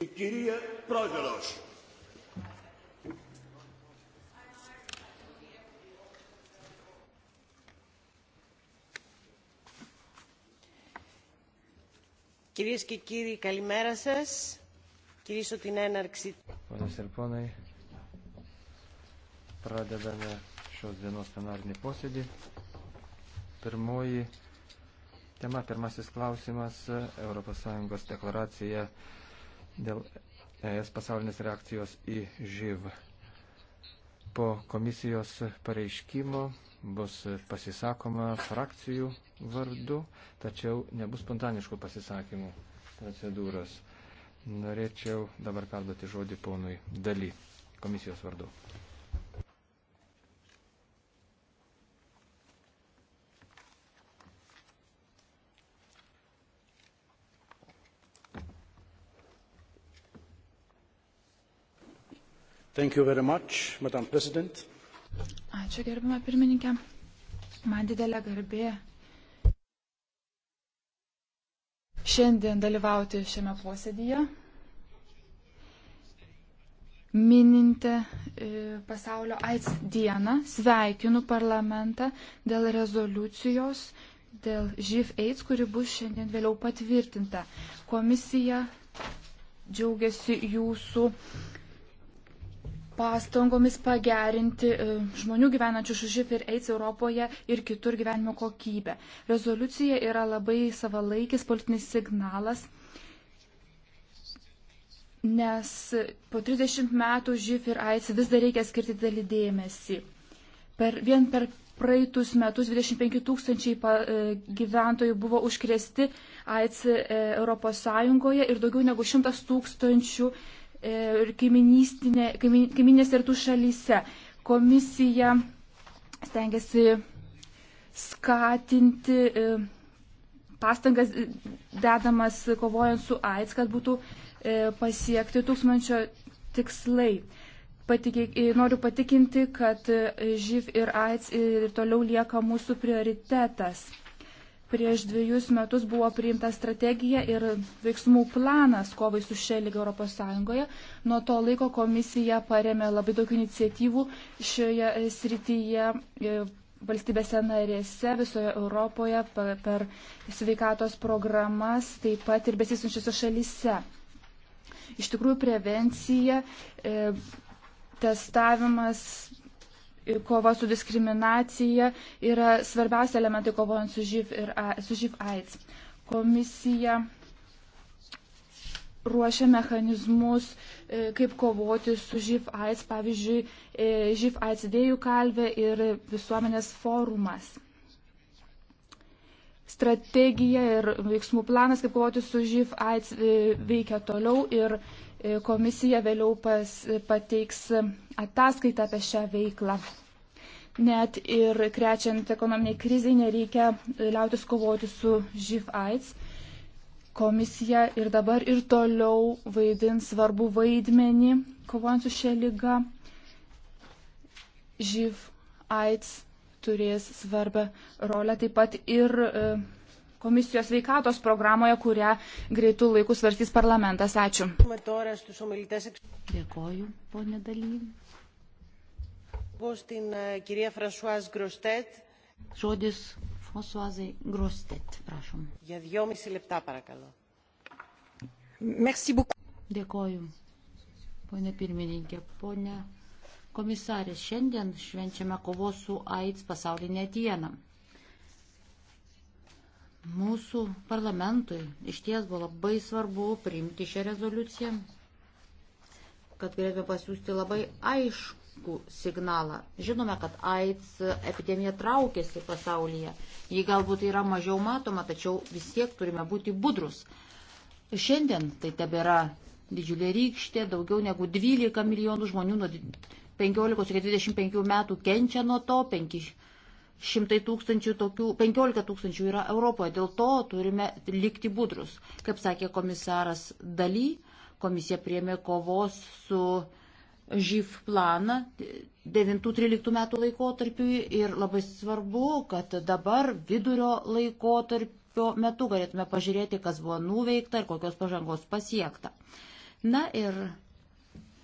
Η κυρία Πρόεδρος. Κυρίες και κύριοι, καλημέρα σας. Κυρίσω την έναρξη. Ponas ir ponai, pradedame šios dienos plenarinį posėdį. Pirmoji tema, pirmasis klausimas, ES deklaracija dėl ES pasaulinės reakcijos į živ. Po komisijos pareiškimo bus pasisakoma frakcijų vardu, tačiau nebus spontaniškų pasisakymų procedūros. Norėčiau dabar perduoti žodį ponui Daly komisijos vardu. Much, Ačiū gerbime pirmininkė. Man didelė garbė šiandien dalyvauti šiame posėdyje, mininti e, pasaulio AIDS dieną, sveikinu parlamentą dėl rezoliucijos, dėl živ AIDS, kuri bus šiandien vėliau patvirtinta. Komisija džiaugiasi jūsų pastangomis pagerinti e, žmonių gyvenančių su živ ir AIDS Europoje ir kitur gyvenimo kokybę. Rezoliucija yra labai savalaikis politinis signalas, nes po 30 metų živ ir AIDS vis dar reikia skirti didelį dėmesį. Per, vien per praeitus metus 25 tūkstančiai e, gyventojų buvo užkrėsti AIDS ES ir daugiau negu 100 tūkstančių 000 E, ir kaiminės rytų šalyse. Komisija stengiasi skatinti e, pastangas dedamas kovojant su AIDS, kad būtų e, pasiekti tūkstančio tikslai. Patikė, noriu patikinti, kad živ ir AIDS ir toliau lieka mūsų prioritetas. Prieš dviejus metus buvo priimta strategija ir veiksmų planas kovai su šia lyga ES. Nuo to laiko komisija paremė labai daug iniciatyvų šioje e, srityje e, valstybėse narėse, visoje Europoje per, per sveikatos programas, taip pat ir besisunčiose šalyse. Iš tikrųjų, prevencija, e, testavimas, kova su diskriminacija yra svarbiausia elementai kovojant su živ, ir, su živ AIDS. Komisija ruošia mechanizmus, e, kaip kovoti su živ AIDS, pavyzdžiui, e, živ AIDS idėjų kalvė ir visuomenės forumas. Strategija ir veiksmų planas, kaip kovoti su živ AIDS, e, veikia toliau ir E, komisija vėliau pas, pateiks ataskaitą apie šią veiklą. Net ir krečiant ekonominiai kriziai nereikia liautis kovoti su živ AIDS. Komisija ir dabar ir toliau vaidins svarbu vaidmenį kovojant su šia lyga. Živ AIDS turės svarbę rolę taip pat ir e, komisijos veikatos programoje, kurią greitų laikų svarstys parlamentas. Ačiū. Dėkoju, ponė Daly. E, Žodis Françoisai Grostet, prašom. Dėkoju, ponė pirmininkė, ponė komisarė. Šiandien švenčiame kovos su AIDS pasaulinę dieną. Mūsų parlamentui iš ties buvo labai svarbu priimti šią rezoliuciją, kad galėtume pasiūsti labai aišku signalą. Žinome, kad AIDS epidemija traukėsi pasaulyje. Ji galbūt yra mažiau matoma, tačiau vis tiek turime būti budrus. Šiandien tai tebėra didžiulė rykštė, daugiau negu 12 milijonų žmonių nuo 15 iki 25 metų kenčia nuo to, 5 šimtai tūkstančių tokių, 15 tūkstančių yra Europoje. Dėl to turime likti budrus. Kaip sakė komisaras Daly, komisija priemė kovos su živ planą 9-13 metų laikotarpiui ir labai svarbu, kad dabar vidurio laikotarpio metu galėtume pažiūrėti, kas buvo nuveikta ir kokios pažangos pasiekta. Na ir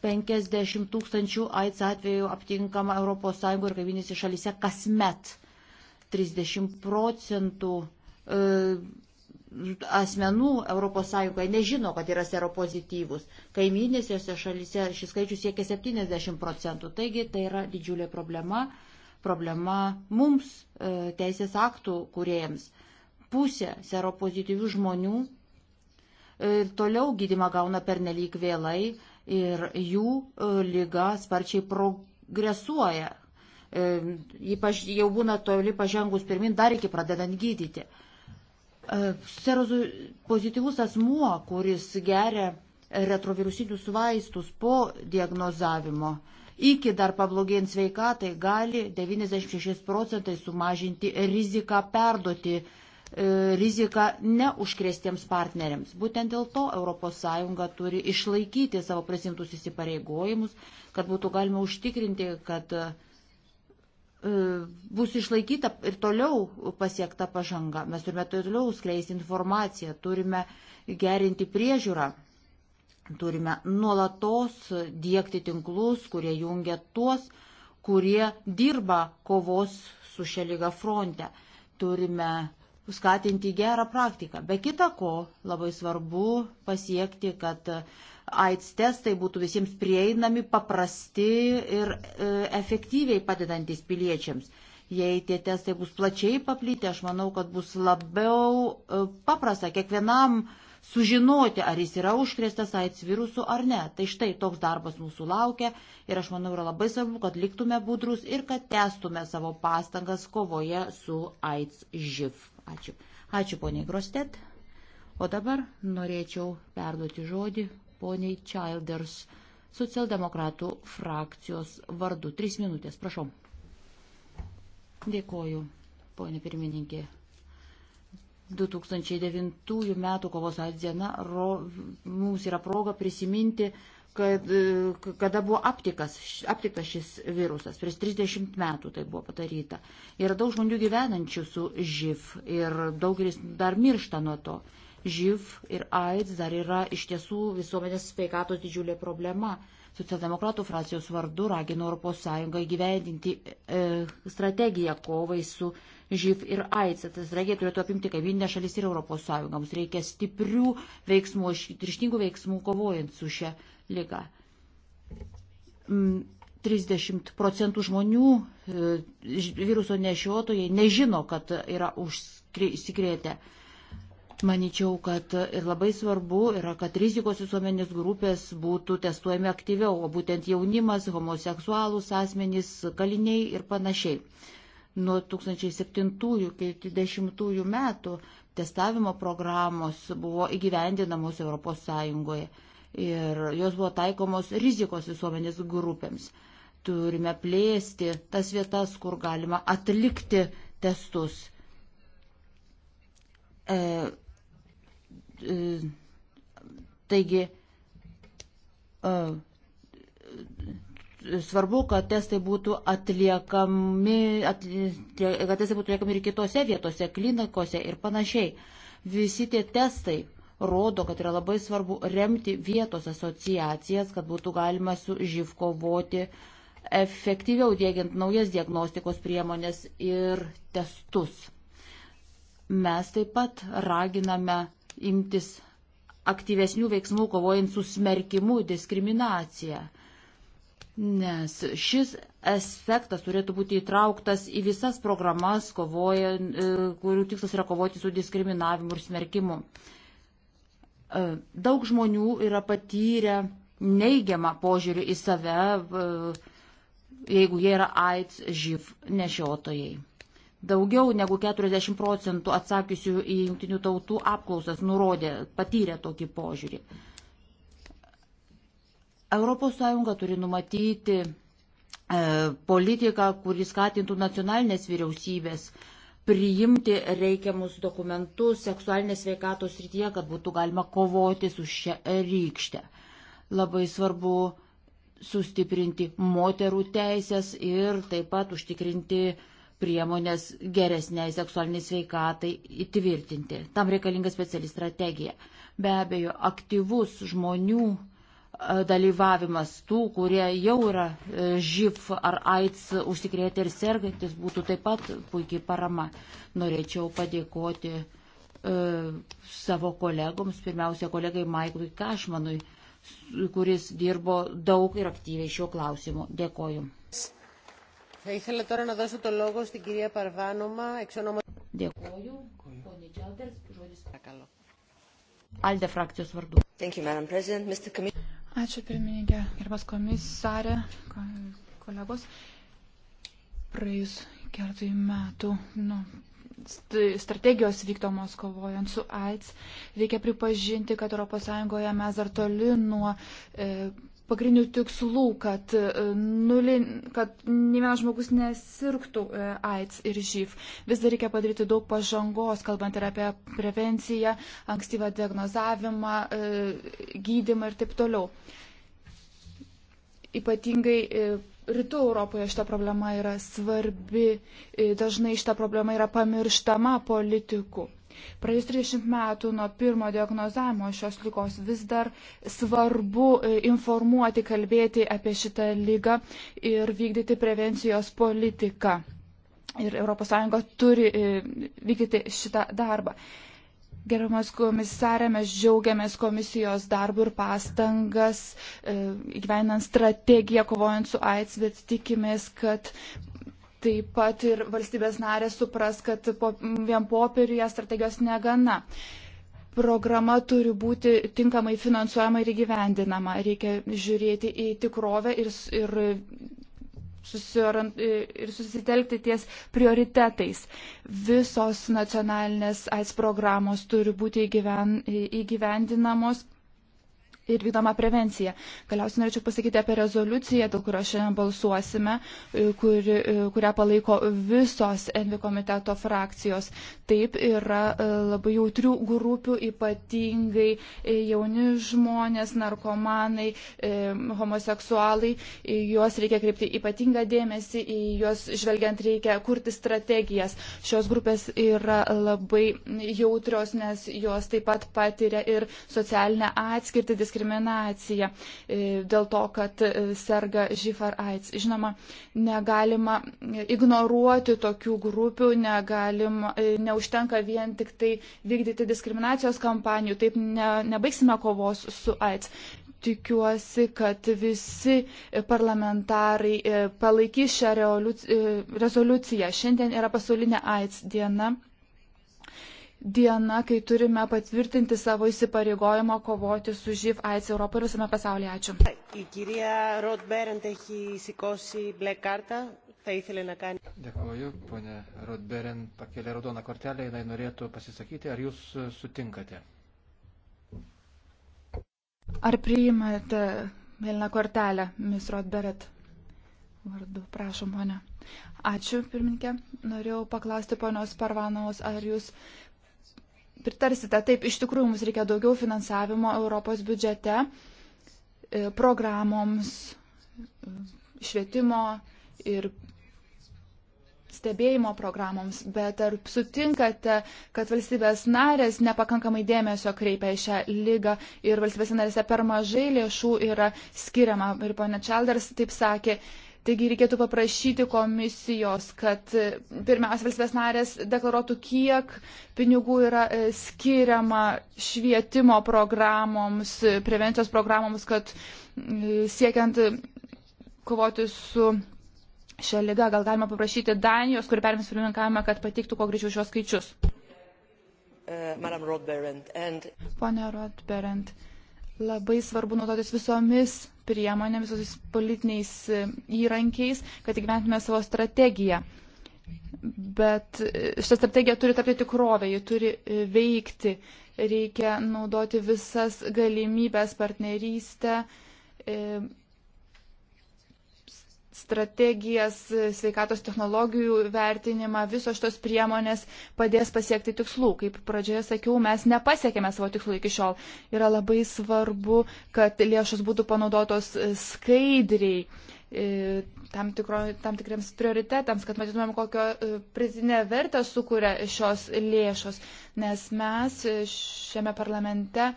50 tūkstančių AIDS atvejų aptinkama ES ir kaiminėse šalyse kasmet. 30 procentų e, asmenų ES nežino, kad yra seropozityvus. Kaiminėse šalyse šis skaičius siekia 70 procentų. Taigi tai yra didžiulė problema, problema mums, e, teisės aktų kuriejams. Pusė seropozityvių žmonių e, toliau gydimą gauna pernelyg vėlai ir jų lyga sparčiai progresuoja ypač jau būna toli pažengus pirmin dar iki pradedant gydyti. E, Serozu pozityvus asmuo, kuris geria retrovirusinius vaistus po diagnozavimo, iki dar pablogėjant sveikatai, gali 96 procentai sumažinti riziką perduoti e, riziką neužkrėstiems partneriams. Būtent dėl to ES turi išlaikyti savo prisimtus įsipareigojimus, kad būtų galima užtikrinti, kad uh, E, bus išlaikyta ir toliau pasiekta pažanga. Mes turime toliau skleisti informaciją, turime gerinti priežiūrą, turime nuolatos dėkti tinklus, kurie jungia tuos, kurie dirba kovos su šia lyga fronte. Turime skatinti gerą praktiką. Be kita ko, labai svarbu pasiekti, kad e, AIDS testai būtų visiems prieinami, paprasti ir e, efektyviai padedantis piliečiams. Jei tie testai bus plačiai paplyti, aš manau, kad bus labiau e, paprasta kiekvienam sužinoti, ar jis yra užkrėstas AIDS virusu ar ne. Tai štai toks darbas mūsų laukia ir aš manau yra labai svarbu, kad liktume budrus ir kad testume savo pastangas kovoje su AIDS živ. Ačiū. Ačiū poniai Grostet. O dabar norėčiau perduoti žodį poniai Childers socialdemokratų frakcijos vardu. Tris minutės, prašom. Dėkoju, ponė pirmininkė. 2009 m. kovos diena ro, mums yra proga prisiminti kad, kada buvo aptikas, aptiktas šis virusas. Prieš 30 metų tai buvo padaryta. Yra daug žmonių gyvenančių su živ ir daugelis dar miršta nuo to. Živ ir AIDS dar yra iš tiesų visuomenės sveikatos didžiulė problema. Socialdemokratų frakcijos vardu ragino ES įgyvendinti e, strategiją kovai su živ ir AIDS. Tas strategija turėtų apimti kaiminę šalis ir ES. Mums reikia stiprių veiksmų, ryštingų veiksmų kovojant su šia lygą. 30 mm, procentų žmonių e, viruso nešiotojai nežino, kad yra užsikrėtę. Maničiau, kad ir labai svarbu yra, kad rizikos visuomenės grupės būtų testuojami aktyviau, o būtent jaunimas, homoseksualūs asmenys, kaliniai ir panašiai. Nuo 2007-2010 metų testavimo programos buvo įgyvendinamos ES ir jos buvo taikomos rizikos visuomenės grupėms. Turime plėsti tas vietas, kur galima atlikti testus. E, e, taigi, e, svarbu, kad testai būtų atliekami, atlie, kad testai būtų atliekami ir kitose vietose, klinikose ir panašiai. Visi tie testai rodo, kad yra labai svarbu remti vietos asociacijas, kad būtų galima su živ kovoti efektyviau dėgiant naujas diagnostikos priemonės ir testus. Mes taip pat raginame imtis aktyvesnių veiksmų kovojant su smerkimu, diskriminacija. Nes šis aspektas turėtų būti įtrauktas į visas programas, kovojant, e, kurių tikslas yra kovoti su diskriminavimu ir smerkimu. E, daug žmonių yra patyrę neigiamą požiūrį į save, jeigu jie yra AIDS živ nešiotojai. Daugiau negu 40 procentų atsakysių į jungtinių tautų apklausas nurodė, patyrė tokį požiūrį. ES turi numatyti e, politiką, kuris skatintų nacionalinės vyriausybės e, priimti reikiamus dokumentus seksualinės veikatos rytyje, kad būtų galima kovoti su šia rykšte. Labai svarbu sustiprinti moterų teisės ir taip pat užtikrinti priemonės geresniai seksualiniai sveikatai įtvirtinti. Tam reikalinga speciali strategija. Be abejo, aktyvus žmonių dalyvavimas tų, kurie jau yra e, živ ar aids užsikrėtę ir sergantis, būtų taip pat puikiai parama. Norėčiau padėkoti e, savo kolegoms, pirmiausia kolegai Maiklui Kašmanui, kuris dirbo daug ir aktyviai šiuo klausimu. Dėkoju. Dėkoju. Alde frakcijos vardu. Thank you, Madam President. Mr. Commissioner. Ačiū pirmininkė, gerbas komisarė, kolegos. Praėjus keletui metų nu, strategijos vykdomos kovojant su AIDS, reikia pripažinti, kad ES mes dar toli nuo e, pagrindinių tikslų, kad, e, nuli, kad ne vienas žmogus nesirgtų e, AIDS ir živ. Vis dar reikia padaryti daug pažangos, kalbant ir apie prevenciją, ankstyvą diagnozavimą, e, gydimą ir taip toliau. Ypatingai Rytų Europoje šita problema yra svarbi, dažnai šita problema yra pamirštama politikų. Praėjus 30 metų nuo pirmo diagnozavimo šios lygos vis dar svarbu e, informuoti, kalbėti apie šitą lygą ir vykdyti prevencijos politiką. Ir ES turi e, vykdyti šitą darbą. Gerbiamas komisarė, mes džiaugiamės komisijos darbų ir pastangas, e, įgyvenant strategiją kovojant su AIDS, bet tikimės, kad Taip pat ir valstybės narės supras, kad po, vien popieriuje strategijos negana. Programa turi būti tinkamai finansuojama ir įgyvendinama. Reikia žiūrėti į tikrovę ir, ir ir susitelkti ties prioritetais. Visos nacionalinės AIDS programos turi būti įgyven, įgyvendinamos ir vykdoma prevencija. Galiausiai norėčiau pasakyti apie rezoliuciją, dėl kurios šiandien balsuosime, e, kur, e, kurią palaiko visos Envi komiteto frakcijos. Taip yra e, labai jautrių grupių, ypatingai jauni žmonės, narkomanai, homoseksualai. Į juos reikia kreipti ypatingą dėmesį, į juos žvelgiant reikia kurti strategijas. Šios grupės yra labai jautrios, nes jos taip pat patiria ir socialinę atskirtį, diskriminaciją diskriminaciją e, dėl to, kad e, serga živ ar AIDS. Žinoma, negalima ignoruoti tokių grupių, negalima, e, neužtenka vien tik tai vykdyti diskriminacijos kampanijų, taip ne, nebaigsime kovos su AIDS tikiuosi, kad visi parlamentarai palaikys šią rezoliuciją. Šiandien yra pasaulinė AIDS diena diena, kai turime patvirtinti savo įsipareigojimą kovoti su živ AIDS Europoje ir visame pasaulyje. Ačiū. Dėkuoju, ponė Rodberen pakėlė raudoną kortelę, jinai norėtų pasisakyti, ar jūs e, sutinkate? Ar priimate mėlyną kortelę, Miss Rodberet? Vardu, prašom, ponė. Ačiū, pirminkė. Norėjau paklausti ponios Parvanovos, ar jūs uh, pritarsite, taip, iš tikrųjų mums reikia daugiau finansavimo Europos biudžete e, programoms e, švietimo ir stebėjimo programoms, bet ar sutinkate, kad valstybės narės nepakankamai dėmesio kreipia į šią lygą ir valstybės narėse per mažai lėšų yra skiriama? Ir ponė Čelders taip sakė, Taigi reikėtų paprašyti komisijos, kad e, pirmiausia valstybės narės deklaruotų, kiek pinigų yra e, skiriama švietimo programoms, e, prevencijos programoms, kad siekiant kovoti su šią lygą, gal galima paprašyti Danijos, kuri perims pirmininkavimą, kad patiktų kuo greičiau šios skaičius. Uh, Rodberent and... Pone Rodberent, labai svarbu naudotis visomis priemonėmis, visomis politiniais e, įrankiais, kad įgyventume savo strategiją. Bet e, šitą strategiją turi tapti tikrovę, ji turi e, veikti, reikia naudoti visas galimybės partnerystę strategijas, sveikatos technologijų vertinimą, visos šitos priemonės padės pasiekti tikslų. Kaip pradžioje sakiau, mes nepasiekėme savo tikslų iki šiol. Yra labai svarbu, kad lėšos būtų panaudotos skaidriai e, tam, tikro, tam tikriems prioritetams, kad matytumėm, kokią e, prizinę vertę sukuria šios lėšos, nes mes e, šiame parlamente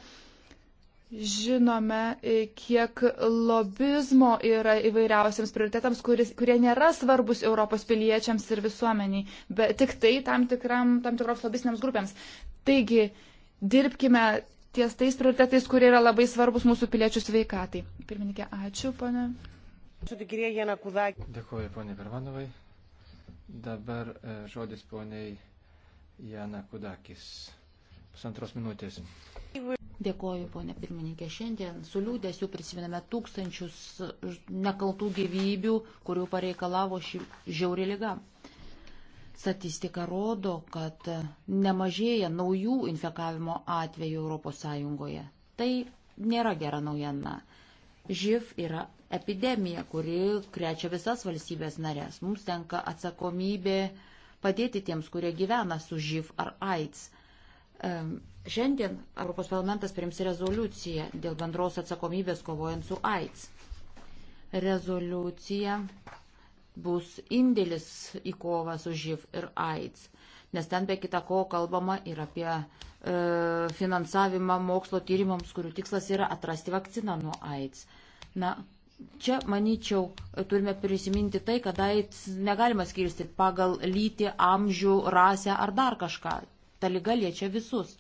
Žinome, e, kiek lobizmo yra įvairiausiams prioritetams, kuris, kurie nėra svarbus Europos piliečiams ir visuomeniai, bet tik tai tam, tikram, tam tikros lobistiniams grupėms. Taigi, dirbkime ties tais prioritetais, kurie yra labai svarbus mūsų piliečių sveikatai. Pirmininkė, ačiū, ponė. Dėkuoju, ponė Pervanovai. Dabar e, žodis poniai Jana Kudakis pusantros minutės. Dėkoju, ponė pirmininkė. Šiandien su liūdėsiu prisimename tūkstančius nekaltų gyvybių, kurių pareikalavo ši žiauri lyga. Statistika rodo, kad nemažėja naujų infekavimo atvejų ES. Tai nėra gera naujiena. Živ yra epidemija, kuri krečia visas valstybės narės. Mums tenka atsakomybė padėti tiems, kurie gyvena su živ ar aids. Šiandien Europos parlamentas priims rezoliuciją dėl bendros atsakomybės kovojant su AIDS. Rezoliucija bus indėlis į kovą su živ ir AIDS, nes ten be kita ko kalbama ir apie e, finansavimą mokslo tyrimams, kurių tikslas yra atrasti vakciną nuo AIDS. Na, čia, manyčiau, turime prisiminti tai, kad AIDS negalima skirstyti pagal lytį, amžių, rasę ar dar kažką ta lyga liečia visus.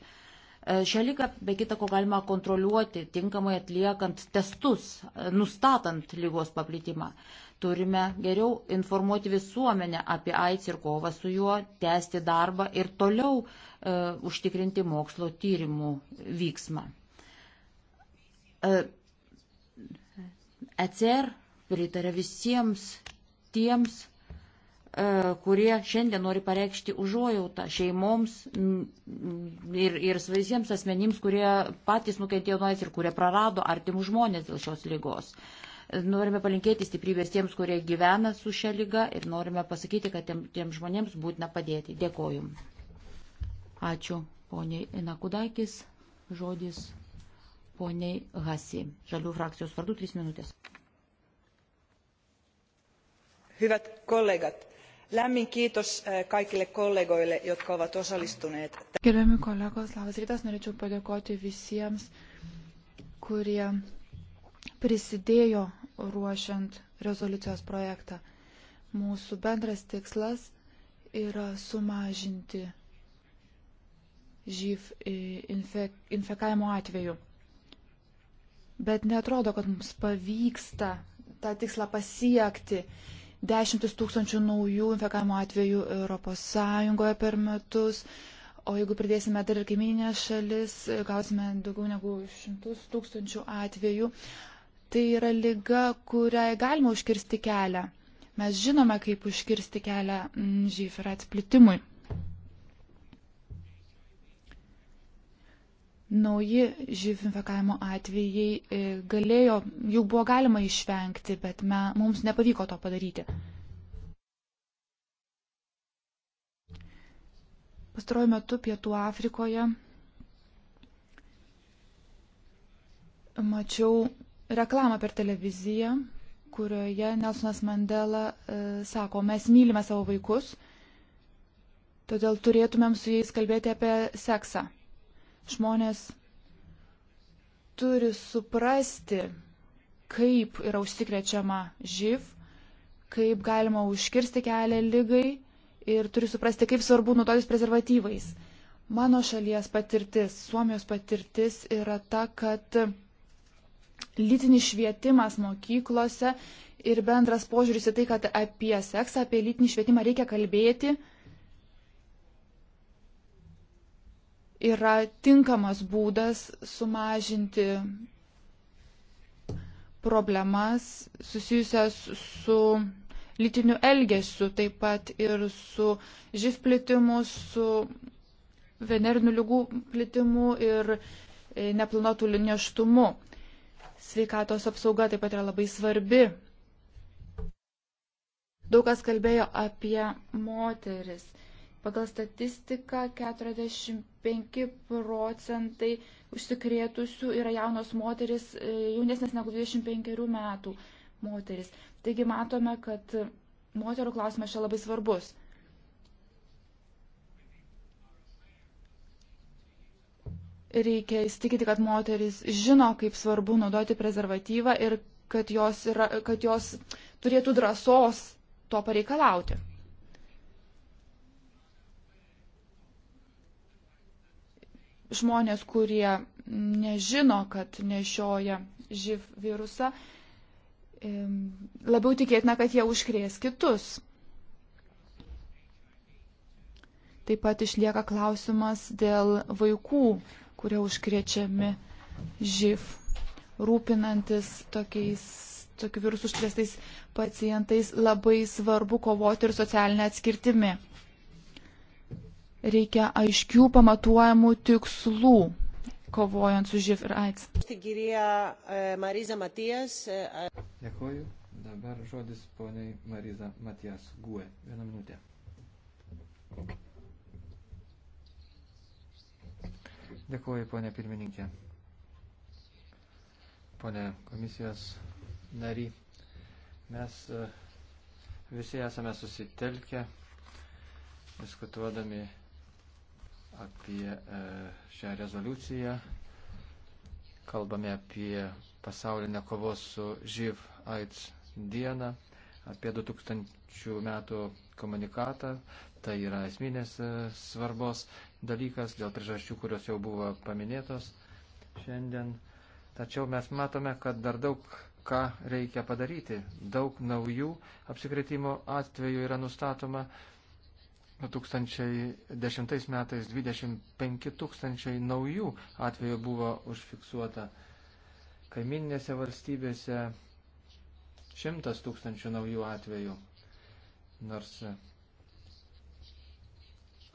E, šią lygą be kita ko galima kontroliuoti, tinkamai atliekant testus, e, nustatant lygos paplitimą. Turime geriau informuoti visuomenę apie AIDS ir kovą su juo, tęsti darbą ir toliau e, užtikrinti mokslo tyrimų vyksmą. E, ECR pritarė visiems tiems E, kurie šiandien nori pareikšti užuojautą šeimoms ir, ir visiems asmenims, kurie patys nukentėjo nuo ir kurie prarado artimus žmonės dėl šios lygos. Norime palinkėti stiprybės tiems, kurie gyvena su šia lyga ir norime pasakyti, kad tiem, tiem žmonėms būtina padėti. Dėkoju. Ačiū poniai Inakudakis. Žodis poniai Hasi. Žalių frakcijos vardu 3 minutės. Hyvät kollegat, Lämmin kiitos eh, kaikille kollegoille, jotka ovat osallistuneet. Gerbiami kolegos, labas rytas, norėčiau padėkoti visiems, kurie prisidėjo ruošiant rezoliucijos projektą. Mūsų bendras tikslas yra sumažinti živ infek, infekavimo atveju. Bet netrodo, kad mums pavyksta tą tikslą pasiekti dešimtis tūkstančių naujų infekavimo atvejų ES per metus. O jeigu pridėsime dar ir kaiminės šalis, gausime daugiau negu šimtus tūkstančių atvejų. Tai yra lyga, kuriai galima užkirsti kelią. Mes žinome, kaip užkirsti kelią mm, živ ir atplitimui. Nauji živ infekavimo atvejai e, galėjo, jų buvo galima išvengti, bet me, mums nepavyko to padaryti. Pastaruoju metu Pietų Afrikoje mačiau reklamą per televiziją, kurioje Nelsonas Mandela e, sako, mes mylime savo vaikus, todėl turėtumėm su jais kalbėti apie seksą. Žmonės turi suprasti, kaip yra užsikrečiama živ, kaip galima užkirsti kelią lygai ir turi suprasti, kaip svarbu naudotis prezervatyvais. Mano šalies patirtis, Suomijos patirtis yra ta, kad lytinis švietimas mokyklose ir bendras požiūris į tai, kad apie seksą, apie lytinį švietimą reikia kalbėti, yra tinkamas būdas sumažinti problemas susijusias su lytiniu elgesiu, taip pat ir su živ plitimu, su venerinių lygų plitimu ir e, neplanuotų neštumu. Sveikatos apsauga taip pat yra labai svarbi. Daug kas kalbėjo apie moteris. Pagal statistiką 45 procentai užsikrėtusių yra jaunos moteris, e, jaunesnės negu 25 metų moteris. Taigi matome, kad moterų klausimas čia labai svarbus. Reikia įsitikinti, kad moteris žino, kaip svarbu naudoti prezervatyvą ir kad jos, yra, kad jos turėtų drąsos to pareikalauti. žmonės, kurie nežino, kad nešioja živ virusą, labiau tikėtina, kad jie užkrės kitus. Taip pat išlieka klausimas dėl vaikų, kurie užkrečiami živ, rūpinantis tokiais, tokiu virusu užkrėstais pacientais, labai svarbu kovoti ir socialinę atskirtimi. Reikia aiškių pamatuojamų tikslų kovojant su živ ir AIDS. Dėkuoju. Dabar žodis poniai Mariza Matijas Gue. Vieną minutę. Dėkuoju, ponė pirmininkė. Pone komisijos nary, mes e, visi esame susitelkę, diskutuodami apie e, šią rezoliuciją. Kalbame apie pasaulinę kovos su živ AIDS dieną, apie 2000 metų komunikatą. Tai yra esminės e, svarbos dalykas dėl priežasčių, kurios jau buvo paminėtos šiandien. Tačiau mes matome, kad dar daug ką reikia padaryti. Daug naujų apsikretimo atvejų yra nustatoma 2010 metais 25 tūkstančiai naujų atvejų buvo užfiksuota. Kaiminėse valstybėse 100 tūkstančių naujų atvejų. Nors e,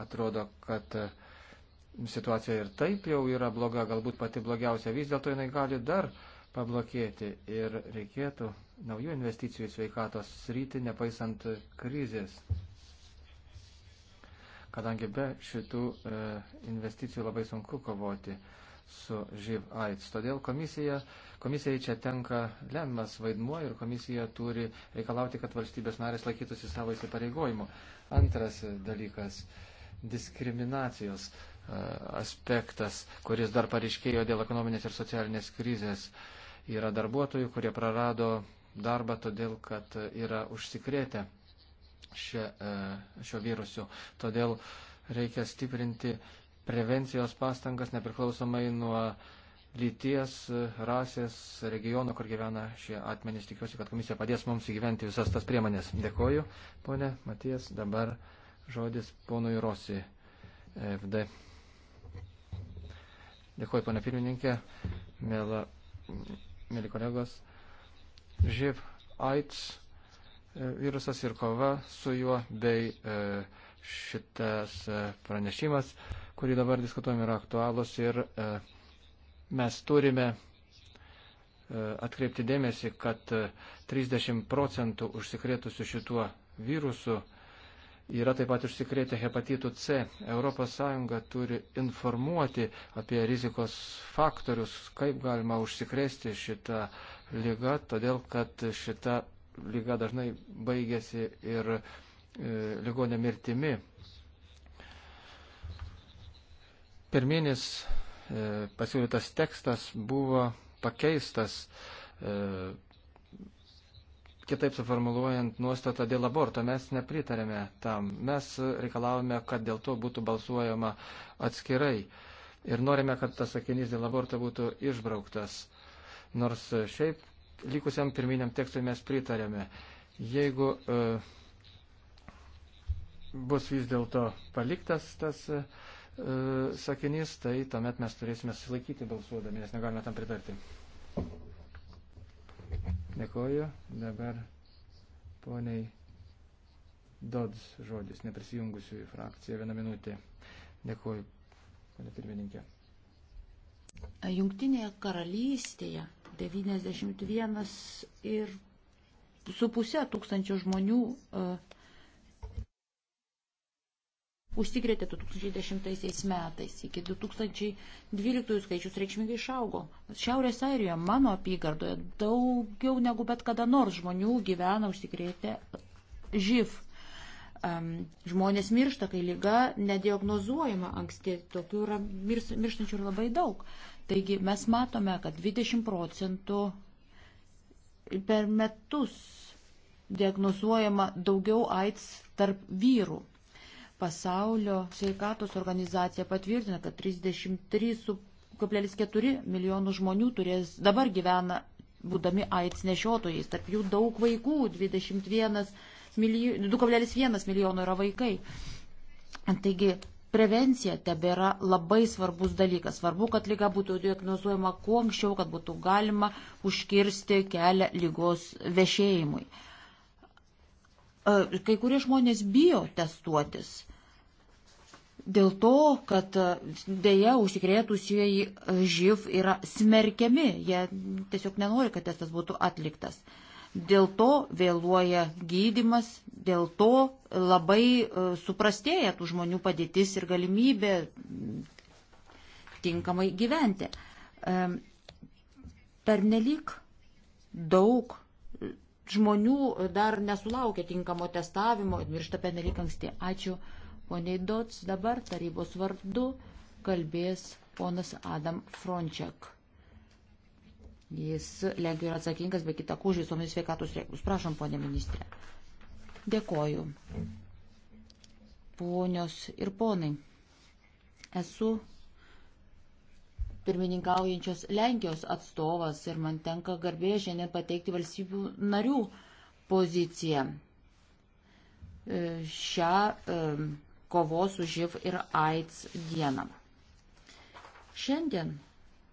atrodo, kad e, situacija ir taip jau yra bloga, galbūt pati blogiausia, vis dėlto jinai gali dar pablokėti ir reikėtų naujų investicijų į sveikatos sritį, nepaisant krizės kadangi be šitų e, investicijų labai sunku kovoti su živ AIDS. Todėl komisija, komisijai čia tenka lemiamas vaidmuo ir komisija turi reikalauti, kad valstybės narės laikytųsi savo įsipareigojimų. Antras dalykas - diskriminacijos e, aspektas, kuris dar pareiškėjo dėl ekonominės ir socialinės krizės. Yra darbuotojų, kurie prarado darbą todėl, kad yra užsikrėtę šio, e, šio virusu. Todėl reikia stiprinti prevencijos pastangas nepriklausomai nuo lyties, rasės, regiono, kur gyvena šie atmenys. Tikiuosi, kad komisija padės mums įgyventi visas tas priemonės. Dėkoju, ponė Matijas. Dabar žodis ponui Rosi, FD. Dėkoju, ponė pirmininkė, mėla, mėly kolegos. Živ AIDS E, virusas ir kova su juo, bei e, šitas e, pranešimas, kurį dabar diskutuojame, yra aktualus ir mes turime atkreipti dėmesį, kad 30 procentų užsikrėtusių šituo virusu yra taip pat užsikrėtę hepatitų C. ES turi informuoti apie rizikos faktorius, kaip galima užsikrėsti šitą lygą, todėl kad šita lyga dažnai baigėsi ir e, ligonė mirtimi. Pirminis e, pasiūlytas tekstas buvo pakeistas, e, kitaip suformuluojant nuostatą dėl aborto. Mes nepritarėme tam. Mes reikalavome, kad dėl to būtų balsuojama atskirai. Ir norime, kad tas sakinys dėl aborto būtų išbrauktas. Nors šiaip likusiam pirminiam tekstui mes pritarėme. Jeigu e, bus vis dėlto paliktas tas e, sakinys, tai tuomet mes turėsime susilaikyti balsuodami, nes negalime tam pritarti. Dėkoju. Dabar poniai Dodds žodis, neprisijungusių į frakciją, vieną minutę. Dėkoju, ponė pirmininkė. Jungtinėje karalystėje 91 ir su pusė tūkstančio žmonių uh, užsikrėtė 2010 metais. Iki 2012 skaičius reikšmingai išaugo. Šiaurės Airijoje, mano apygardoje, daugiau negu bet kada nors žmonių gyvena užsikrėtę živ um, žmonės miršta, kai lyga nediagnozuojama anksti, tokių yra mirs, mirštančių ir labai daug. Taigi mes matome, kad 20 procentų per metus diagnozuojama daugiau AIDS tarp vyrų. Pasaulio sveikatos organizacija patvirtina, kad 33,4 milijonų žmonių turės dabar gyvena būdami AIDS nešiotojais, tarp jų daug vaikų, 21 2,1 milijono yra vaikai. Taigi prevencija tebėra labai svarbus dalykas. Svarbu, kad lyga būtų diagnozuojama kuo anksčiau, kad būtų galima užkirsti kelią lygos vešėjimui. E, kai kurie žmonės bijo testuotis. Dėl to, kad dėja užsikrėtusieji živ yra smerkiami, jie tiesiog nenori, kad testas būtų atliktas. Uh, dėl to vėluoja gydimas, dėl to labai e, suprastėja tų žmonių padėtis ir galimybė tinkamai gyventi. E, pernelyg daug žmonių dar nesulaukia tinkamo testavimo ir miršta pernelyg anksti. Ačiū poniai Dots. Dabar tarybos vardu kalbės ponas Adam Frončiak. Jis Lenkijoje yra atsakingas, be kita kūžį, visuomenės sveikatos reikalus. Prašom, ponė ministrė. Dėkoju. Ponios ir ponai, esu pirmininkaujančios Lenkijos atstovas ir man tenka garbė šiandien pateikti valstybių narių poziciją e, šią e, kovos už živ ir AIDS dieną. Šiandien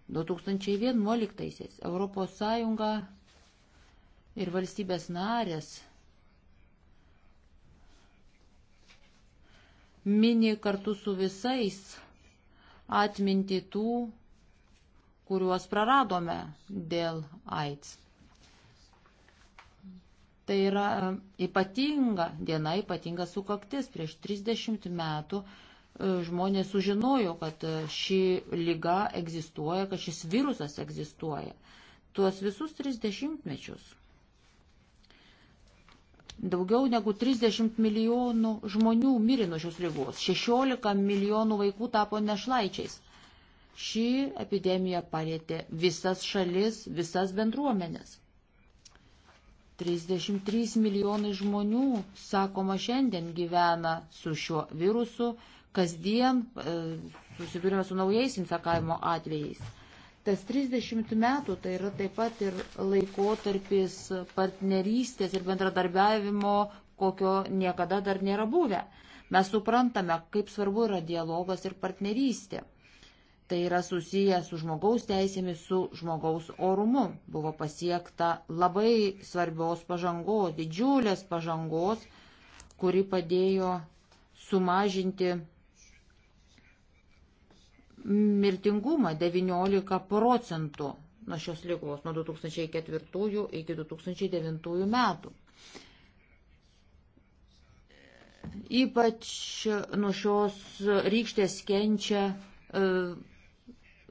2011 Europos Sąjunga ir valstybės narės mini kartu su visais atminti tų, kuriuos praradome dėl AIDS. Tai yra e, ypatinga diena, ypatinga sukaktis. Prieš 30 metų žmonės sužinojo, kad ši lyga egzistuoja, kad šis virusas egzistuoja. Tuos visus 30 mečius. Daugiau negu 30 milijonų žmonių mirė nuo šios lygos, 16 milijonų vaikų tapo nešlaičiais. Ši epidemija palėtė visas šalis, visas bendruomenės. 33 milijonai žmonių, sakoma, šiandien gyvena su šiuo virusu kasdien e, susidurime su naujais infekavimo atvejais. Tas 30 metų tai yra taip pat ir laikotarpis partnerystės ir bendradarbiavimo, kokio niekada dar nėra buvę. Mes suprantame, kaip svarbu yra dialogas ir partnerystė. Tai yra susiję su žmogaus teisėmis, su žmogaus orumu. Buvo pasiekta labai svarbios pažangos, didžiulės pažangos, kuri padėjo sumažinti mirtingumą 19 procentų nuo šios lygos nuo 2004 iki 2009 metų. Ypač nuo šios rykštės kenčia e,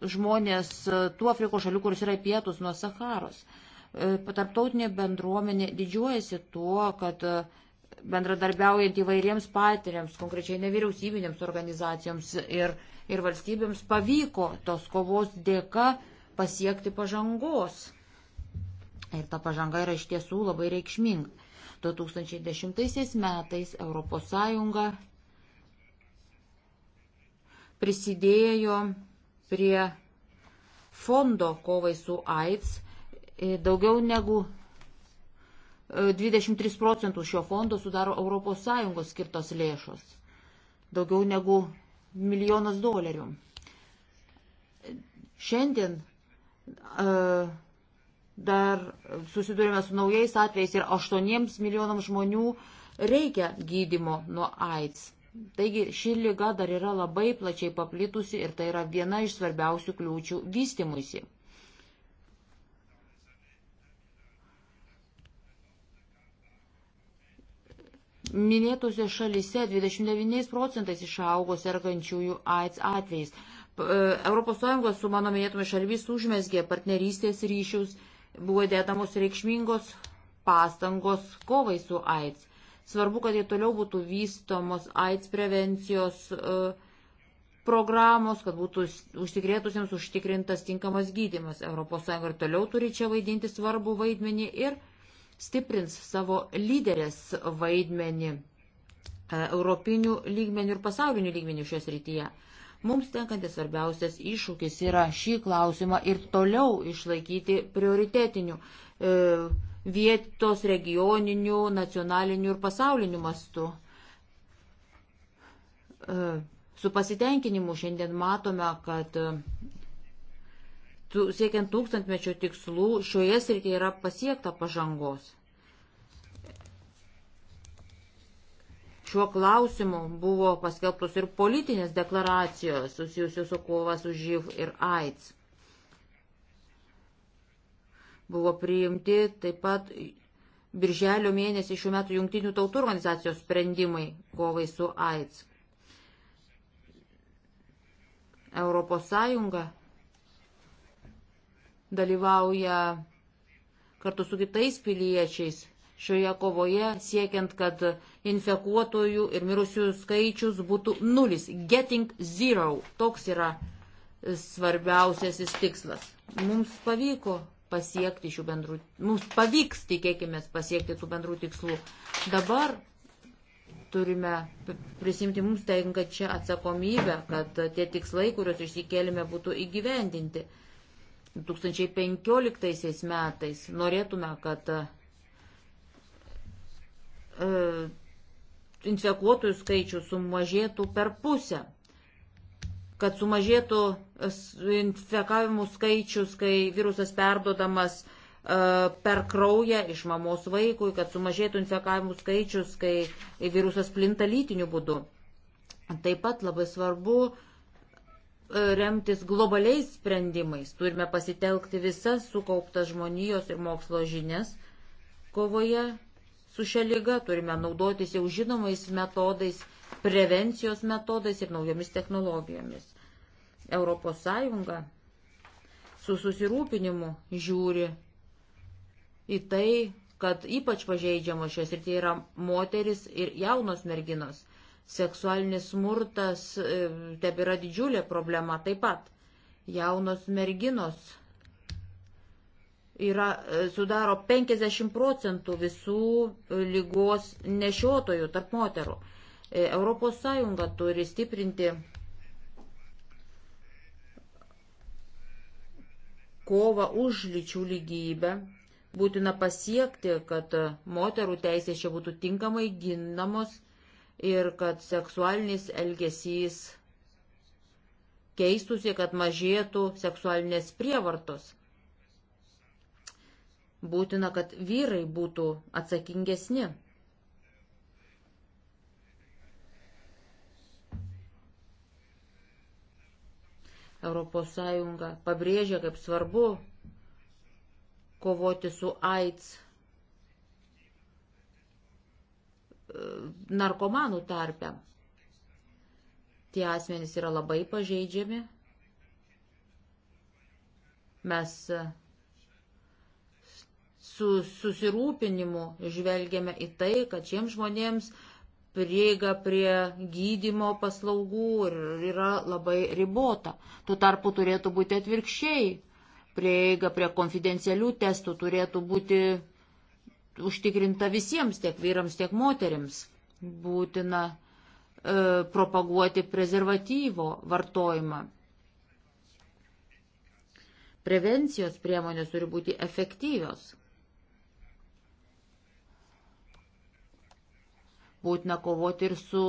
žmonės tų Afrikos šalių, kuris yra pietus nuo Saharos. E, Tarptautinė bendruomenė didžiuojasi tuo, kad e, bendradarbiaujant įvairiems patiriams, konkrečiai nevyriausybinėms organizacijoms ir e, ir valstybėms pavyko tos kovos dėka pasiekti pažangos. Ir ta pažanga yra iš tiesų labai reikšminga. 2010 metais ES prisidėjo prie fondo kovai su AIDS e, daugiau negu 23 e, procentų šio fondo sudaro ES skirtos lėšos. Daugiau negu milijonas dolerių. Šiandien uh, dar susidurime su naujais atvejais ir 8 milijonams žmonių reikia gydimo nuo AIDS. Taigi ši lyga dar yra labai plačiai paplitusi ir tai yra viena iš svarbiausių kliūčių vystimuisi. Minėtose šalise 29 procentais išaugo sergančiųjų AIDS atvejais. ES su mano minėtomis šalimis užmesgė partnerystės ryšius, buvo dėdamos reikšmingos pastangos kovai su AIDS. Svarbu, kad jie toliau būtų vystomos AIDS prevencijos e, programos, kad būtų užsikrėtusiems užtikrintas tinkamas gydimas. ES ir toliau turi čia vaidinti svarbų vaidmenį ir stiprins savo lyderės vaidmenį e, europinių lygmenių ir pasaulinių lygmenių šios rytyje. Mums tenkantis svarbiausias iššūkis yra šį klausimą ir toliau išlaikyti prioritetiniu e, vietos regioniniu, nacionaliniu ir pasauliniu mastu. E, su pasitenkinimu šiandien matome, kad siekiant tūkstantmečio tikslų, šioje srityje yra pasiekta pažangos. Šiuo klausimu buvo paskelbtos ir politinės deklaracijos susijusios su kova su živ ir AIDS. Buvo priimti taip pat birželio mėnesį šių metų jungtinių tautų organizacijos sprendimai kovai su AIDS. Europos Sąjunga dalyvauja kartu su kitais piliečiais šioje kovoje, siekiant, kad infekuotojų ir mirusių skaičius būtų nulis. Getting zero. Toks yra svarbiausiasis tikslas. Mums pavyko pasiekti šių bendrų, mums pavyks, tikėkime, pasiekti tų bendrų tikslų. Dabar turime prisimti mums tenkančią atsakomybę, kad tie tikslai, kuriuos išsikėlėme, būtų įgyvendinti. 2015 metais norėtume, kad e, infekuotųjų skaičių sumažėtų per pusę, kad sumažėtų infekavimų skaičius, kai virusas perdodamas e, per kraują iš mamos vaikui, kad sumažėtų infekavimų skaičius, kai virusas plinta lytiniu būdu. Taip pat labai svarbu remtis globaliais sprendimais, turime pasitelkti visas sukauptas žmonijos ir mokslo žinias kovoje su šia lyga, turime naudotis jau žinomais metodais, prevencijos metodais ir naujomis technologijomis. Europos Sąjunga su susirūpinimu žiūri į tai, kad ypač pažeidžiamos šios ir tai yra moteris ir jaunos merginos. Seksualinis smurtas e, tebėra didžiulė problema taip pat. Jaunos merginos yra, e, sudaro 50 procentų visų lygos nešiotojų tarp moterų. E, Europos Sąjunga turi stiprinti kovą už lyčių lygybę. Būtina pasiekti, kad moterų teisės čia būtų tinkamai ginamos ir kad seksualinis elgesys keistusi, kad mažėtų seksualinės prievartos. Būtina, kad vyrai būtų atsakingesni. Europos Sąjunga pabrėžia, kaip svarbu kovoti su AIDS narkomanų tarpe. Tie asmenys yra labai pažeidžiami. Mes e, su susirūpinimu žvelgiame į tai, kad šiems žmonėms prieiga prie gydimo paslaugų yra labai ribota. Tuo tarpu turėtų būti atvirkščiai. Prieiga prie konfidencialių testų turėtų būti užtikrinta visiems, tiek vyrams, tiek moteriams. Būtina e, propaguoti prezervatyvo vartojimą. Prevencijos priemonės turi būti efektyvios. Būtina kovoti ir su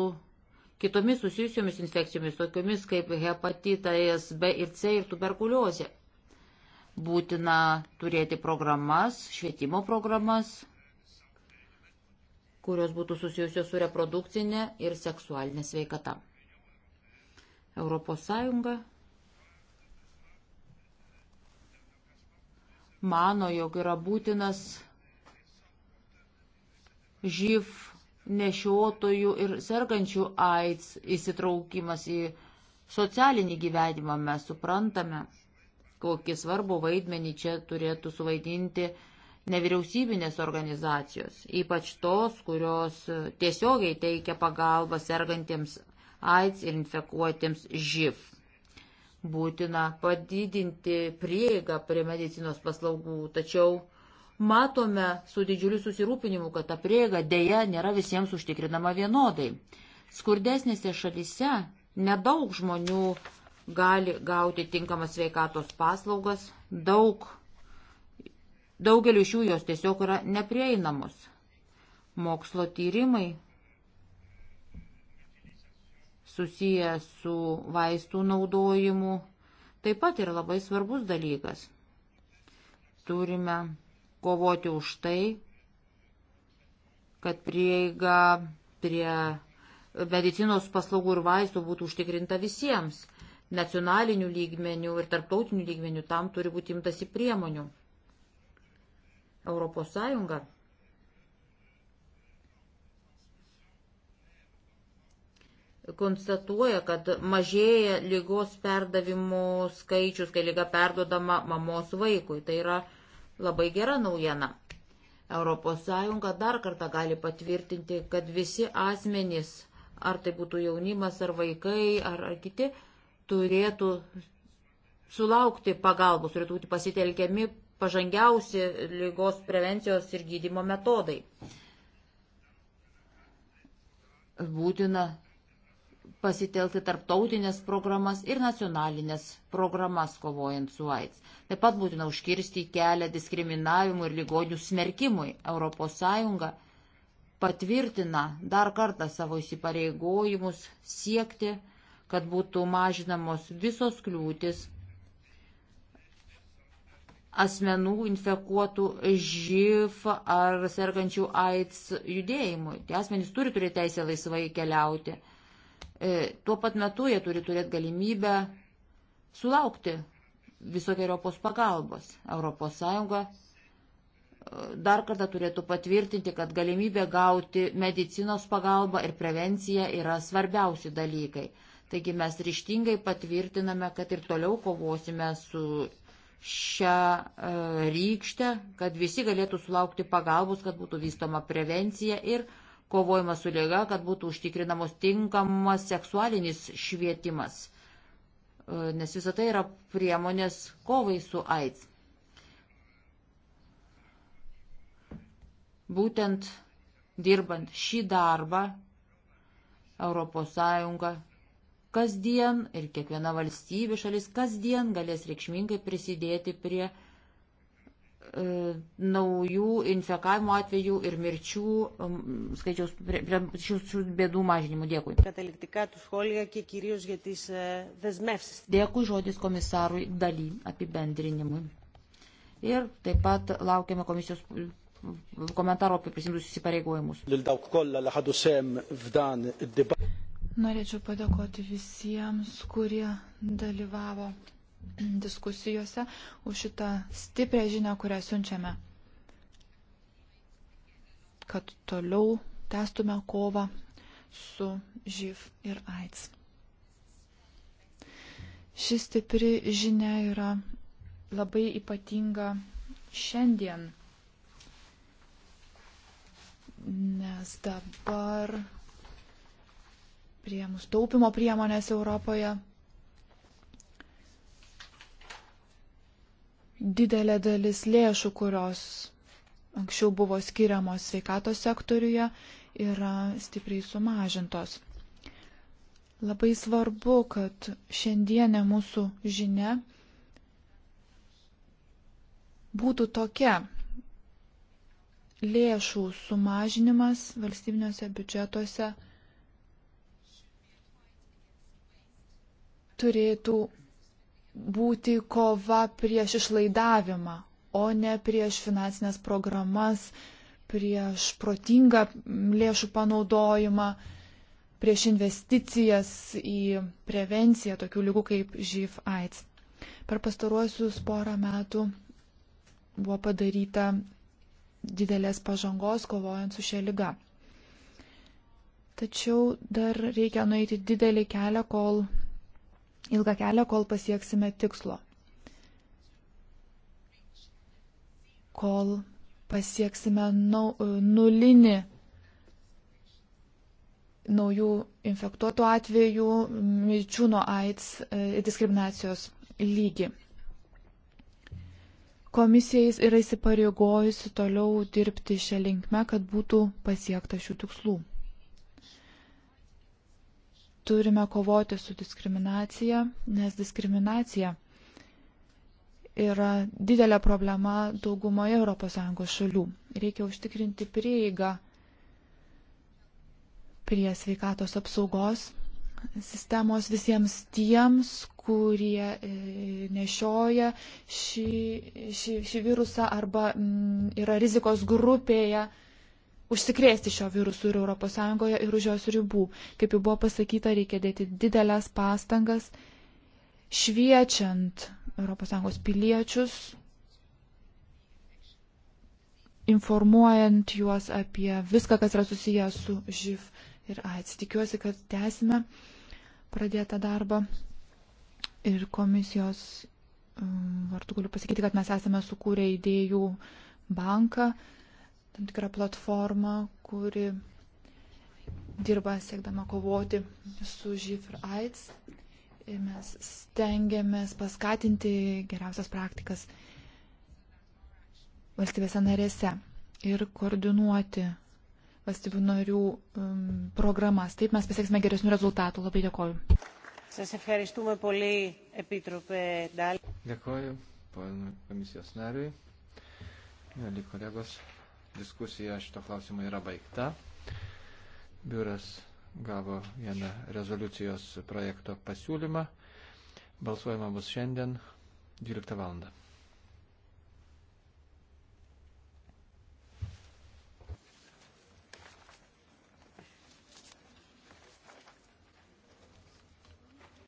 kitomis susijusiomis infekcijomis, tokiomis kaip hepatitas B ir C ir tuberkuliozė. Būtina turėti programas, švietimo programas, kurios būtų susijusios su reprodukcinė ir seksualinė sveikata. Europos Sąjunga mano, jog yra būtinas živ nešiotojų ir sergančių AIDS įsitraukimas į socialinį gyvenimą. Mes suprantame, kokį svarbų vaidmenį čia turėtų suvaidinti nevyriausybinės organizacijos, ypač tos, kurios tiesiogiai teikia pagalbą sergantiems AIDS ir infekuotiems živ. Būtina padidinti prieigą prie medicinos paslaugų, tačiau matome su didžiuliu susirūpinimu, kad ta prieiga dėja nėra visiems užtikrinama vienodai. Skurdesnėse šalise nedaug žmonių gali gauti tinkamas sveikatos paslaugas, daug Daugeliu iš jų jos tiesiog yra neprieinamos. Mokslo tyrimai susiję su vaistų naudojimu taip pat yra labai svarbus dalykas. Turime kovoti už tai, kad prieiga prie medicinos paslaugų ir vaistų būtų užtikrinta visiems nacionalinių lygmenių ir tarptautinių lygmenių tam turi būti imtasi priemonių. Europos Sąjunga konstatuoja, kad mažėja lygos perdavimų skaičius, kai lyga perdodama mamos vaikui. Tai yra labai gera naujiena. ES dar kartą gali patvirtinti, kad visi asmenys, ar tai būtų jaunimas, ar vaikai, ar, ar kiti, turėtų sulaukti pagalbos, turėtų būti pasitelkiami pažangiausi lygos prevencijos ir gydimo metodai. Būtina pasitelkti tarptautinės programas ir nacionalinės programas kovojant su AIDS. Taip pat būtina užkirsti kelią diskriminavimui ir lygonių smerkimui. ES patvirtina dar kartą savo įsipareigojimus siekti, kad būtų mažinamos visos kliūtis asmenų infekuotų živ ar sergančių AIDS judėjimui. Tie asmenys turi turėti teisę laisvai keliauti. E, tuo pat metu jie turi turėti galimybę sulaukti visokiojopos pagalbos. ES e, dar kartą turėtų patvirtinti, kad galimybė gauti medicinos pagalbą ir prevenciją yra svarbiausi dalykai. Taigi mes ryštingai patvirtiname, kad ir toliau kovosime su šią e, rykštę, kad visi galėtų sulaukti pagalbos, kad būtų vystoma prevencija ir kovojama su lyga, kad būtų užtikrinamos tinkamas seksualinis švietimas, e, nes visą tai yra priemonės kovai su AIDS. Būtent dirbant šį darbą ES kasdien ir kiekviena valstybė šalis kasdien galės reikšmingai prisidėti prie e, naujų infekavimo atvejų ir mirčių um, skaičiaus prie, prie šių, šių bėdų mažinimų. Dėkui. Dėkui žodis komisarui daly apibendrinimui. Ir taip pat laukiame komisijos komentaro apie prisimtus įsipareigojimus. Norėčiau padėkoti visiems, kurie dalyvavo diskusijose už šitą stiprią žinią, kurią siunčiame, kad toliau testume kovą su živ ir aids. Ši stipri žinia yra labai ypatinga šiandien, nes dabar prie mūsų taupimo priemonės Europoje. Didelė dalis lėšų, kurios anksčiau buvo skiriamos sveikatos sektoriuje, yra stipriai sumažintos. Labai svarbu, kad šiandienė mūsų žinia būtų tokia. Lėšų sumažinimas valstybiniuose biudžetuose turėtų būti kova prieš išlaidavimą, o ne prieš finansinės programas, prieš protingą lėšų panaudojimą, prieš investicijas į prevenciją tokių lygų kaip živ AIDS. Per pastaruosius porą metų buvo padaryta didelės pažangos kovojant su šia lyga. Tačiau dar reikia nueiti didelį kelią, kol ilgą kelią, kol pasieksime tikslo. Kol pasieksime nau, nulinį naujų infektuotų atvejų, mirčių nuo AIDS ir e, diskriminacijos lygį. Komisija yra įsipareigojusi toliau dirbti šią linkmę, kad būtų pasiekta šių tikslų turime kovoti su diskriminacija, nes diskriminacija yra didelė problema daugumoje ES šalių. Reikia užtikrinti prieigą prie sveikatos apsaugos sistemos visiems tiems, kurie e, nešioja šį, šį, šį virusą arba mm, yra rizikos grupėje užsikrėsti šio virusu ir ES ir už jos ribų. Kaip jau buvo pasakyta, reikia dėti didelės pastangas šviečiant ES piliečius, informuojant juos apie viską, kas yra susiję su živ ir AIDS. Tikiuosi, kad tęsime pradėtą darbą ir komisijos um, vartų galiu pasakyti, kad mes esame sukūrę idėjų banką, tam tikrą platformą, kuri dirba siekdama kovoti su živ ir AIDS. Ir mes stengiamės paskatinti geriausias praktikas valstybėse narėse ir koordinuoti valstybių narių um, programas. Taip mes pasieksime geresnių rezultatų. Labai dėkoju. Dėkoju, ponui komisijos nariui. Mėly kolegos diskusija šito klausimo yra baigta. Biuras gavo vieną rezoliucijos projekto pasiūlymą. Balsuojama bus šiandien 12 val.